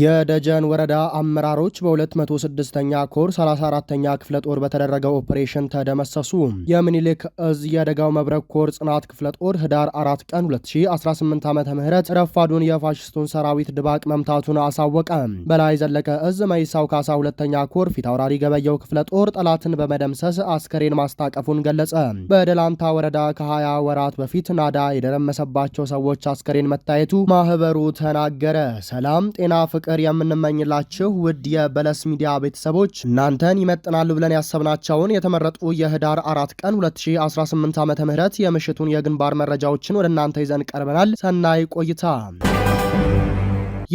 የደጀን ወረዳ አመራሮች በ206ኛ ኮር 34ኛ ክፍለ ጦር በተደረገው ኦፕሬሽን ተደመሰሱ። የምኒልክ እዝ የደጋው መብረቅ ኮር ጽናት ክፍለ ጦር ህዳር 4 ቀን 2018 ዓ ምህረት ረፋዱን የፋሽስቱን ሰራዊት ድባቅ መምታቱን አሳወቀ። በላይ ዘለቀ እዝ መይሳው ካሳ ሁለተኛ ኮር ፊታውራሪ ገበየው ክፍለ ጦር ጠላትን በመደምሰስ አስከሬን ማስታቀፉን ገለጸ። በደላንታ ወረዳ ከ20 ወራት በፊት ናዳ የደረመሰባቸው ሰዎች አስከሬን መታየቱ ማህበሩ ተናገረ። ሰላም ጤና ፍቅ ፍቅር የምንመኝላችሁ ውድ የበለስ ሚዲያ ቤተሰቦች እናንተን ይመጥናሉ ብለን ያሰብናቸውን የተመረጡ የህዳር አራት ቀን 2018 ዓ ም የምሽቱን የግንባር መረጃዎችን ወደ እናንተ ይዘን ቀርበናል። ሰናይ ቆይታ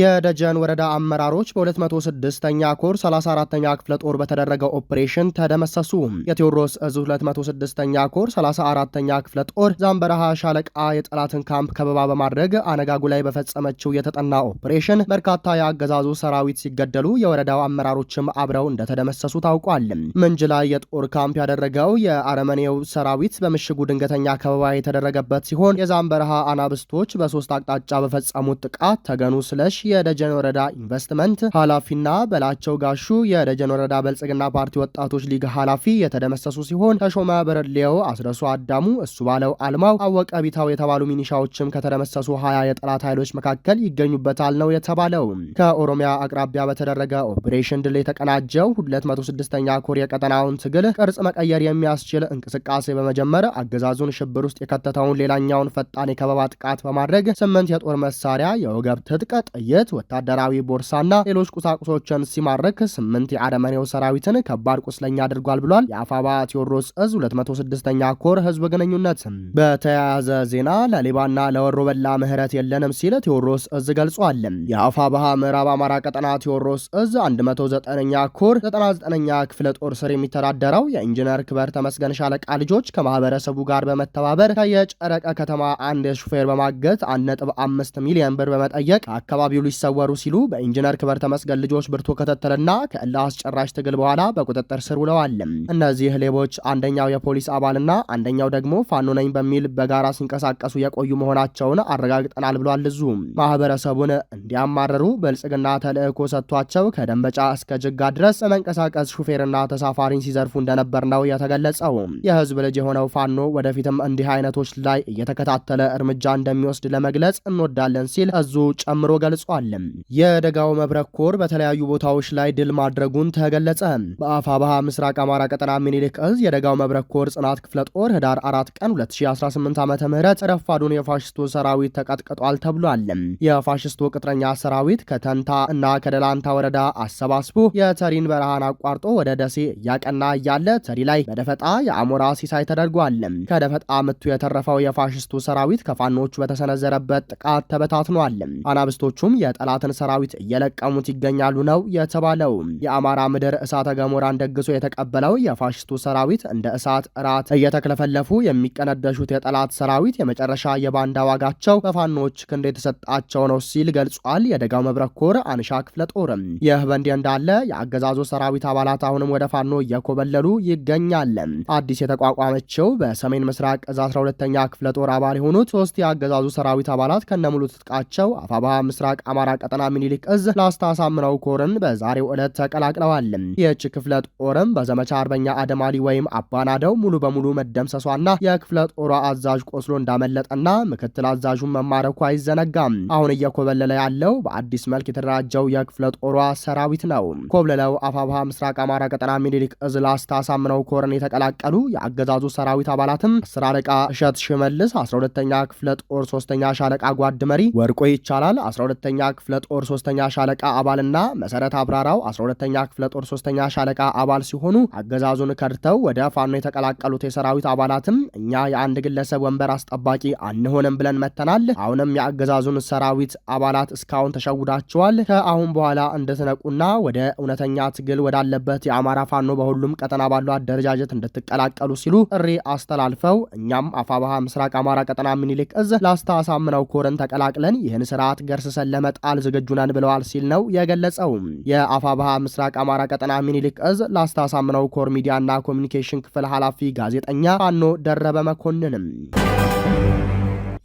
የደጀን ወረዳ አመራሮች በ206ኛ ኮር 34ኛ ክፍለ ጦር በተደረገው ኦፕሬሽን ተደመሰሱ። የቴዎድሮስ እዝ 206ኛ ኮር 34ኛ ክፍለ ጦር ዛምበረሃ ሻለቃ የጠላትን ካምፕ ከበባ በማድረግ አነጋጉ ላይ በፈጸመችው የተጠና ኦፕሬሽን በርካታ የአገዛዙ ሰራዊት ሲገደሉ የወረዳው አመራሮችም አብረው እንደተደመሰሱ ታውቋል። ምንጅ ላይ የጦር ካምፕ ያደረገው የአረመኔው ሰራዊት በምሽጉ ድንገተኛ ከበባ የተደረገበት ሲሆን የዛምበረሃ አናብስቶች በሶስት አቅጣጫ በፈጸሙት ጥቃት ተገኑ ስለሽ የደጀን ወረዳ ኢንቨስትመንት ኃላፊና በላቸው ጋሹ የደጀን ወረዳ ብልጽግና ፓርቲ ወጣቶች ሊግ ኃላፊ የተደመሰሱ ሲሆን ተሾመ በረሌው፣ አስረሱ አዳሙ፣ እሱ ባለው አልማው፣ አወቀ ቢታው የተባሉ ሚኒሻዎችም ከተደመሰሱ ሀያ የጠላት ኃይሎች መካከል ይገኙበታል ነው የተባለው። ከኦሮሚያ አቅራቢያ በተደረገ ኦፕሬሽን ድል የተቀናጀው 206ኛ ኮር የቀጠናውን ትግል ቅርጽ መቀየር የሚያስችል እንቅስቃሴ በመጀመር አገዛዙን ሽብር ውስጥ የከተተውን ሌላኛውን ፈጣን የከበባ ጥቃት በማድረግ ስምንት የጦር መሳሪያ የወገብ ትጥቅ በመለየት ወታደራዊ ቦርሳና ሌሎች ቁሳቁሶችን ሲማርክ ስምንት የአረመኔው ሰራዊትን ከባድ ቁስለኛ አድርጓል ብሏል። የአፋባ ቴዎድሮስ እዝ 26 ኛ ኮር ህዝብ ግንኙነት። በተያያዘ ዜና ለሌባና ለወሮ በላ ምህረት የለንም ሲል ቴዎድሮስ እዝ ገልጿል። የአፋባሃ ምዕራብ አማራ ቀጠና ቴዎድሮስ እዝ 109ኛ ኮር 99ኛ ክፍለ ጦር ስር የሚተዳደረው የኢንጂነር ክበር ተመስገን ሻለቃ ልጆች ከማህበረሰቡ ጋር በመተባበር ከየጨረቀ ከተማ አንድ ሹፌር በማገት 1.5 ሚሊዮን ብር በመጠየቅ አካባቢው አካባቢው ሊሰወሩ ሲሉ በኢንጂነር ክብረት ተመስገን ልጆች ብርቱ ክትትልና ከእልህ አስጨራሽ ትግል በኋላ በቁጥጥር ስር ውለዋል። እነዚህ ሌቦች አንደኛው የፖሊስ አባልና አንደኛው ደግሞ ፋኖ ነኝ በሚል በጋራ ሲንቀሳቀሱ የቆዩ መሆናቸውን አረጋግጠናል ብሏል። እዙ ማህበረሰቡን እንዲያማረሩ ብልጽግና ተልእኮ ሰጥቷቸው ከደንበጫ እስከ ጅጋ ድረስ በመንቀሳቀስ ሹፌርና ተሳፋሪን ሲዘርፉ እንደነበር ነው የተገለጸው። የህዝብ ልጅ የሆነው ፋኖ ወደፊትም እንዲህ አይነቶች ላይ እየተከታተለ እርምጃ እንደሚወስድ ለመግለጽ እንወዳለን ሲል እዙ ጨምሮ ገልጿል። ተገልጿል። የደጋው መብረቅ ኮር በተለያዩ ቦታዎች ላይ ድል ማድረጉን ተገለጸ። በአፋባሃ ምስራቅ አማራ ቀጠና ሚኒሊክ እዝ የደጋው መብረቅ ኮር ጽናት ክፍለ ጦር ህዳር 4 ቀን 2018 ዓ ም ረፋዱን የፋሽስቱ ሰራዊት ተቀጥቅጧል ተብሏል። የፋሽስቱ ቅጥረኛ ሰራዊት ከተንታ እና ከደላንታ ወረዳ አሰባስቦ የተሪን በረሃን አቋርጦ ወደ ደሴ እያቀና እያለ ተሪ ላይ በደፈጣ የአሞራ ሲሳይ ተደርጓል። ከደፈጣ ምቱ የተረፈው የፋሽስቱ ሰራዊት ከፋኖቹ በተሰነዘረበት ጥቃት ተበታትኗል። አናብስቶቹም የጠላትን ሰራዊት እየለቀሙት ይገኛሉ ነው የተባለው። የአማራ ምድር እሳተ ገሞራን ደግሶ የተቀበለው የፋሽስቱ ሰራዊት እንደ እሳት እራት እየተክለፈለፉ የሚቀነደሹት የጠላት ሰራዊት የመጨረሻ የባንዳ ዋጋቸው በፋኖች ክንድ የተሰጣቸው ነው ሲል ገልጿል። የደጋው መብረቅ ኮር አንሻ ክፍለ ጦር። ይህ በእንዲህ እንዳለ የአገዛዙ ሰራዊት አባላት አሁንም ወደ ፋኖ እየኮበለሉ ይገኛል። አዲስ የተቋቋመችው በሰሜን ምስራቅ እዝ 12ኛ ክፍለ ጦር አባል የሆኑት ሶስት የአገዛዙ ሰራዊት አባላት ከነሙሉ ትጥቃቸው አፋባሃ ምስራቅ አማራ ቀጠና ምኒልክ እዝ ላስታ አሳምነው ኮርን በዛሬው ዕለት ተቀላቅለዋል። ይህች ክፍለ ጦርም በዘመቻ አርበኛ አደማሊ ወይም አባናደው ሙሉ በሙሉ መደምሰሷና የክፍለ ጦሯ አዛዥ ቆስሎ እንዳመለጠና ምክትል አዛዡን መማረኩ አይዘነጋም። አሁን እየኮበለለ ያለው በአዲስ መልክ የተደራጀው የክፍለ ጦሯ ሰራዊት ነው። ኮብለለው አፋብሃ ምስራቅ አማራ ቀጠና ምኒልክ እዝ ላስታ አሳምነው ኮርን የተቀላቀሉ የአገዛዙ ሰራዊት አባላትም አስር አለቃ እሸት ሽመልስ፣ 12ተኛ ክፍለ ጦር ሶስተኛ ሻለቃ ጓድ መሪ ወርቆ ይቻላል፣ 12ተኛ 12ኛ ክፍለ ጦር ሶስተኛ ሻለቃ አባልና መሰረት አብራራው 12ኛ ክፍለ ጦር ሶስተኛ ሻለቃ አባል ሲሆኑ አገዛዙን ከድተው ወደ ፋኖ የተቀላቀሉት የሰራዊት አባላትም እኛ የአንድ ግለሰብ ወንበር አስጠባቂ አንሆንም ብለን መተናል። አሁንም የአገዛዙን ሰራዊት አባላት እስካሁን ተሸውዳቸዋል። ከአሁን በኋላ እንድትነቁና ወደ እውነተኛ ትግል ወዳለበት የአማራ ፋኖ በሁሉም ቀጠና ባሉ አደረጃጀት እንድትቀላቀሉ ሲሉ ጥሪ አስተላልፈው እኛም አፋባሃ ምስራቅ አማራ ቀጠና ምኒልክ እዝ ላስታ አሳምነው ኮርን ተቀላቅለን ይህን ስርዓት ገርስሰን ለመ ለመጣል ዝግጁ ነን ብለዋል ሲል ነው የገለጸው። የአፋብሃ ምስራቅ አማራ ቀጠና ሚኒሊክ እዝ ላስታሳምነው ኮር ሚዲያና ኮሚኒኬሽን ክፍል ኃላፊ ጋዜጠኛ ፋኖ ደረበ መኮንንም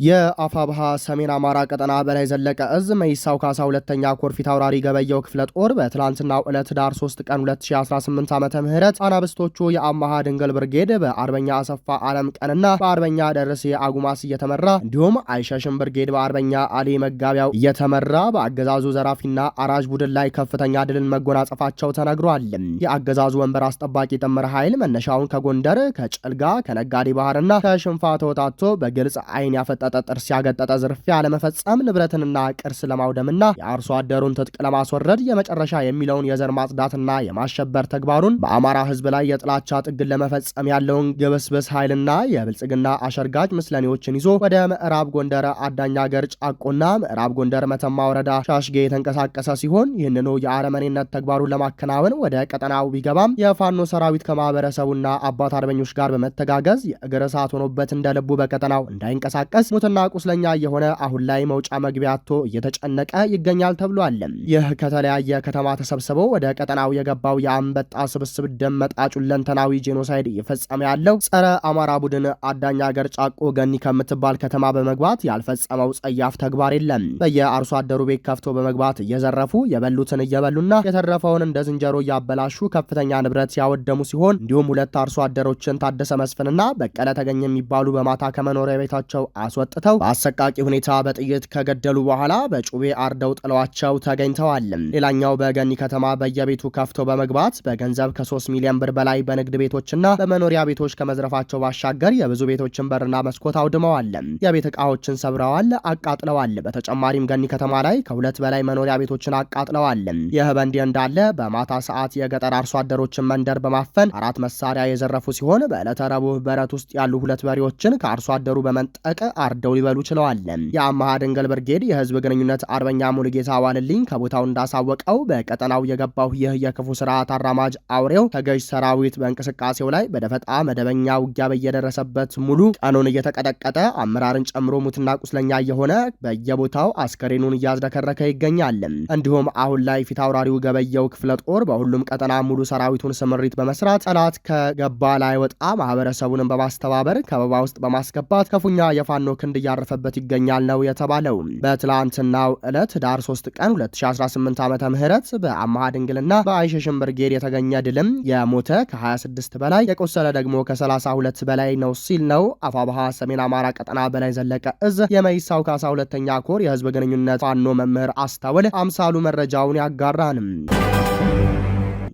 የአፋብሃ ሰሜን አማራ ቀጠና በላይ ዘለቀ እዝ መይሳው ካሳ ሁለተኛ ኮር ፊት አውራሪ ገበየው ክፍለ ጦር በትላንትናው ዕለት ዳር 3 ቀን 2018 ዓ ም አናብስቶቹ የአማሃ ድንገል ብርጌድ በአርበኛ አሰፋ አለም ቀንና በአርበኛ ደርስ አጉማስ እየተመራ እንዲሁም አይሸሽም ብርጌድ በአርበኛ አሊ መጋቢያው እየተመራ በአገዛዙ ዘራፊና አራጅ ቡድን ላይ ከፍተኛ ድልን መጎናጸፋቸው ተነግሯል። የአገዛዙ ወንበር አስጠባቂ ጥምር ኃይል መነሻውን ከጎንደር ከጭልጋ ከነጋዴ ባህርና ከሽንፋ ተወጣቶ በግልጽ አይን ያፈጠ ያልተመጠጠ ጥርስ ያገጠጠ ዝርፊያ ለመፈጸም ንብረትንና ቅርስ ለማውደምና የአርሶ አደሩን ትጥቅ ለማስወረድ የመጨረሻ የሚለውን የዘር ማጽዳትና የማሸበር ተግባሩን በአማራ ህዝብ ላይ የጥላቻ ጥግን ለመፈጸም ያለውን ግብስብስ ኃይልና የብልጽግና አሸርጋጅ ምስለኔዎችን ይዞ ወደ ምዕራብ ጎንደር አዳኛ ገር ጫቆና ምዕራብ ጎንደር መተማ ወረዳ ሻሽጌ የተንቀሳቀሰ ሲሆን ይህንኑ የአረመኔነት ተግባሩን ለማከናወን ወደ ቀጠናው ቢገባም የፋኖ ሰራዊት ከማህበረሰቡና አባት አርበኞች ጋር በመተጋገዝ የእግር እሳት ሆኖበት እንደ ልቡ በቀጠናው እንዳይንቀሳቀስ ሙትና ቁስለኛ የሆነ አሁን ላይ መውጫ መግቢያ አቶ እየተጨነቀ ይገኛል ተብሏል። ይህ ከተለያየ ከተማ ተሰብስበው ወደ ቀጠናው የገባው የአንበጣ ስብስብ ደም መጣጩ ለንተናዊ ጄኖሳይድ እየፈጸመ ያለው ጸረ አማራ ቡድን አዳኝ አገር ጫቆ ገኒ ከምትባል ከተማ በመግባት ያልፈጸመው ጸያፍ ተግባር የለም። በየአርሶ አደሩ ቤት ከፍቶ በመግባት እየዘረፉ የበሉትን እየበሉና የተረፈውን እንደ ዝንጀሮ እያበላሹ ከፍተኛ ንብረት ያወደሙ ሲሆን እንዲሁም ሁለት አርሶ አደሮችን ታደሰ መስፍንና በቀለ ተገኘ የሚባሉ በማታ ከመኖሪያ ቤታቸው አስወ አስወጥተው በአሰቃቂ ሁኔታ በጥይት ከገደሉ በኋላ በጩቤ አርደው ጥለዋቸው ተገኝተዋል። ሌላኛው በገኒ ከተማ በየቤቱ ከፍቶ በመግባት በገንዘብ ከሶስት ሚሊዮን ብር በላይ በንግድ ቤቶችና በመኖሪያ ቤቶች ከመዝረፋቸው ባሻገር የብዙ ቤቶችን በርና መስኮት አውድመዋል። የቤት እቃዎችን ሰብረዋል፣ አቃጥለዋል። በተጨማሪም ገኒ ከተማ ላይ ከሁለት በላይ መኖሪያ ቤቶችን አቃጥለዋል። ይህ በእንዲህ እንዳለ በማታ ሰዓት የገጠር አርሶ አደሮችን መንደር በማፈን አራት መሳሪያ የዘረፉ ሲሆን በዕለተ ረቡዕ በረት ውስጥ ያሉ ሁለት በሬዎችን ከአርሶ አደሩ በመንጠቅ ታርደው ሊበሉ ችለዋል። የአማሃ ደንገል ብርጌድ የህዝብ ግንኙነት አርበኛ ሙሉጌታ ዋልልኝ ከቦታው እንዳሳወቀው በቀጠናው የገባው ይህ የክፉ ስርዓት አራማጅ አውሬው ከገዥ ሰራዊት በእንቅስቃሴው ላይ በደፈጣ መደበኛ ውጊያ በየደረሰበት ሙሉ ቀኑን እየተቀጠቀጠ አመራርን ጨምሮ ሙትና ቁስለኛ እየሆነ በየቦታው አስከሬኑን እያዝረከረከ ይገኛል። እንዲሁም አሁን ላይ አውራሪው ገበየው ክፍለ ጦር በሁሉም ቀጠና ሙሉ ሰራዊቱን ስምሪት በመስራት ጠላት ከገባ ላይ ወጣ ማህበረሰቡንም በማስተባበር ከበባ ውስጥ በማስገባት ክፉኛ የፋኖ ክንድ እያረፈበት ይገኛል ነው የተባለው። በትላንትናው ዕለት ህዳር 3 ቀን 2018 ዓ ም በአማሃ ድንግልና በአይሸሽን ብርጌድ የተገኘ ድልም የሞተ ከ26 በላይ የቆሰለ ደግሞ ከ32 በላይ ነው ሲል ነው አፋባሃ ሰሜን አማራ ቀጠና በላይ ዘለቀ እዝ የመይሳው ካሳ ሁለተኛ ኮር የህዝብ ግንኙነት ፋኖ መምህር አስታውል አምሳሉ መረጃውን ያጋራንም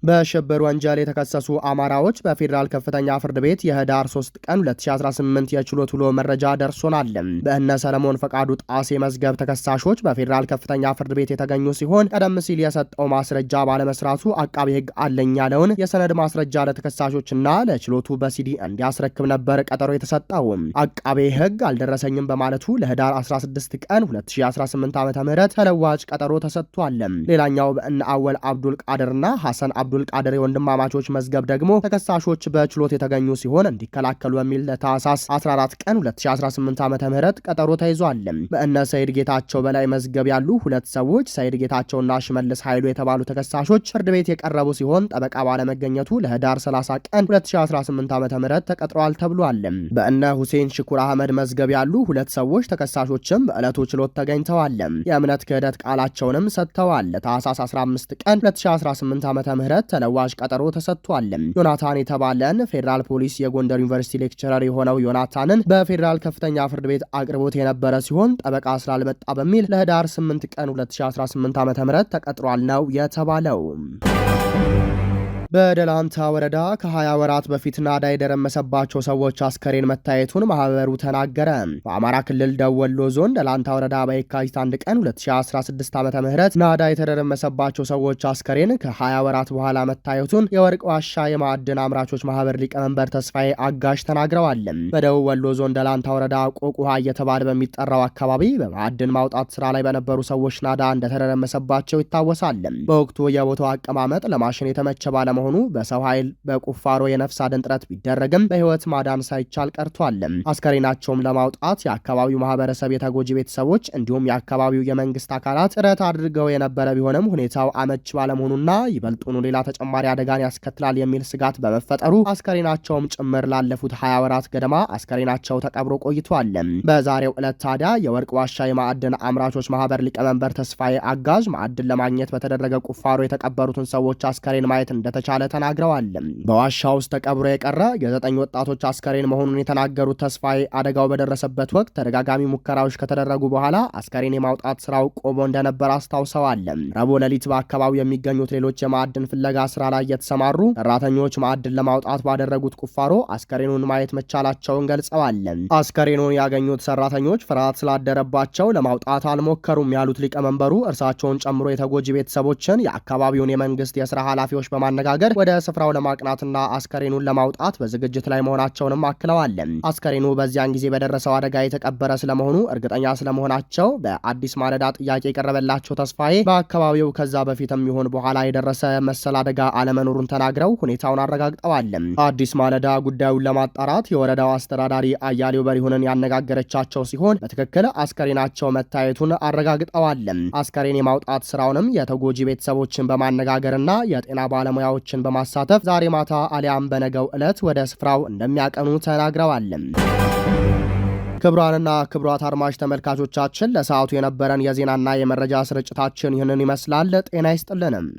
በሽብር ወንጀል የተከሰሱ አማራዎች በፌዴራል ከፍተኛ ፍርድ ቤት የህዳር 3 ቀን 2018 የችሎት ውሎ መረጃ ደርሶናል። በእነ ሰለሞን ፈቃዱ ጣሴ መዝገብ ተከሳሾች በፌዴራል ከፍተኛ ፍርድ ቤት የተገኙ ሲሆን ቀደም ሲል የሰጠው ማስረጃ ባለመስራቱ አቃቤ ህግ አለኝ ያለውን የሰነድ ማስረጃ ለተከሳሾችና ለችሎቱ በሲዲ እንዲያስረክብ ነበር ቀጠሮ የተሰጠው። አቃቤ ህግ አልደረሰኝም በማለቱ ለህዳር 16 ቀን 2018 ዓ ም ተለዋጭ ቀጠሮ ተሰጥቷል። ሌላኛው በእነ አወል አብዱል ቃድርና ሐሰን አብዱል ቃድር የወንድማማቾች መዝገብ ደግሞ ተከሳሾች በችሎት የተገኙ ሲሆን እንዲከላከሉ በሚል ለታህሳስ 14 ቀን 2018 ዓ ም ቀጠሮ ተይዟል። በእነ ሰይድ ጌታቸው በላይ መዝገብ ያሉ ሁለት ሰዎች ሰይድ ጌታቸውና ሽመልስ ኃይሉ የተባሉ ተከሳሾች ፍርድ ቤት የቀረቡ ሲሆን ጠበቃ ባለመገኘቱ ለህዳር 30 ቀን 2018 ዓ ም ተቀጥረዋል ተብሏል። በእነ ሁሴን ሽኩር አህመድ መዝገብ ያሉ ሁለት ሰዎች ተከሳሾችም በዕለቱ ችሎት ተገኝተዋል። የእምነት ክህደት ቃላቸውንም ሰጥተዋል። ታህሳስ 15 ቀን 2018 ዓ ም ተለዋጭ ቀጠሮ ተሰጥቷል። ዮናታን የተባለን ፌዴራል ፖሊስ የጎንደር ዩኒቨርሲቲ ሌክቸረር የሆነው ዮናታንን በፌዴራል ከፍተኛ ፍርድ ቤት አቅርቦት የነበረ ሲሆን ጠበቃ ስላልመጣ በሚል ለህዳር 8 ቀን 2018 ዓ ም ተቀጥሯል ነው የተባለው። በደላንታ ወረዳ ከ20 ወራት በፊት ናዳ የደረመሰባቸው ሰዎች አስከሬን መታየቱን ማህበሩ ተናገረ። በአማራ ክልል ደወሎ ዞን ደላንታ ወረዳ በየካቲት 1 ቀን 2016 ዓ ም ናዳ የተደረመሰባቸው ሰዎች አስከሬን ከ20 ወራት በኋላ መታየቱን የወርቅ ዋሻ የማዕድን አምራቾች ማህበር ሊቀመንበር ተስፋዬ አጋሽ ተናግረዋል። በደቡብ ወሎ ዞን ደላንታ ወረዳ ቆቁሃ እየተባለ በሚጠራው አካባቢ በማዕድን ማውጣት ስራ ላይ በነበሩ ሰዎች ናዳ እንደተደረመሰባቸው ይታወሳል። በወቅቱ የቦታው አቀማመጥ ለማሽን የተመቸ ባለመሆኑ በመሆኑ በሰው ኃይል በቁፋሮ የነፍስ አድን ጥረት ቢደረግም በህይወት ማዳን ሳይቻል ቀርቷል። አስከሬናቸውም ለማውጣት የአካባቢው ማህበረሰብ፣ የተጎጂ ቤተሰቦች እንዲሁም የአካባቢው የመንግስት አካላት ጥረት አድርገው የነበረ ቢሆንም ሁኔታው አመች ባለመሆኑና ይበልጡኑ ሌላ ተጨማሪ አደጋን ያስከትላል የሚል ስጋት በመፈጠሩ አስከሬናቸውም ጭምር ላለፉት ሀያ ወራት ገደማ አስከሬናቸው ተቀብሮ ቆይቷል። በዛሬው ዕለት ታዲያ የወርቅ ዋሻ የማዕድን አምራቾች ማህበር ሊቀመንበር ተስፋዬ አጋዥ ማዕድን ለማግኘት በተደረገ ቁፋሮ የተቀበሩትን ሰዎች አስከሬን ማየት እንደተቻ እንደተቻለ ተናግረዋል። በዋሻ ውስጥ ተቀብሮ የቀረ የዘጠኝ ወጣቶች አስከሬን መሆኑን የተናገሩት ተስፋዬ አደጋው በደረሰበት ወቅት ተደጋጋሚ ሙከራዎች ከተደረጉ በኋላ አስከሬን የማውጣት ስራው ቆሞ እንደነበር አስታውሰዋል። ረቡዕ ሌሊት በአካባቢው የሚገኙት ሌሎች የማዕድን ፍለጋ ስራ ላይ የተሰማሩ ሰራተኞች ማዕድን ለማውጣት ባደረጉት ቁፋሮ አስከሬኑን ማየት መቻላቸውን ገልጸዋል። አስከሬኑን ያገኙት ሰራተኞች ፍርሃት ስላደረባቸው ለማውጣት አልሞከሩም ያሉት ሊቀመንበሩ እርሳቸውን ጨምሮ የተጎጂ ቤተሰቦችን የአካባቢውን የመንግስት የስራ ኃላፊዎች በማነጋገር በማነጋገር ወደ ስፍራው ለማቅናትና አስከሬኑን ለማውጣት በዝግጅት ላይ መሆናቸውንም አክለዋል። አስከሬኑ በዚያን ጊዜ በደረሰው አደጋ የተቀበረ ስለመሆኑ እርግጠኛ ስለመሆናቸው በአዲስ ማለዳ ጥያቄ የቀረበላቸው ተስፋዬ በአካባቢው ከዛ በፊትም ይሆን በኋላ የደረሰ መሰል አደጋ አለመኖሩን ተናግረው ሁኔታውን አረጋግጠዋል። አዲስ ማለዳ ጉዳዩን ለማጣራት የወረዳው አስተዳዳሪ አያሌው በሪሁንን ያነጋገረቻቸው ሲሆን በትክክል አስከሬናቸው መታየቱን አረጋግጠዋል። አስከሬን የማውጣት ስራውንም የተጎጂ ቤተሰቦችን በማነጋገርና የጤና ባለሙያዎች ሰዎችን በማሳተፍ ዛሬ ማታ አሊያም በነገው ዕለት ወደ ስፍራው እንደሚያቀኑ ተናግረዋል። ክቡራንና ክቡራት አድማጭ ተመልካቾቻችን ለሰዓቱ የነበረን የዜናና የመረጃ ስርጭታችን ይህንን ይመስላል። ጤና ይስጥልንም።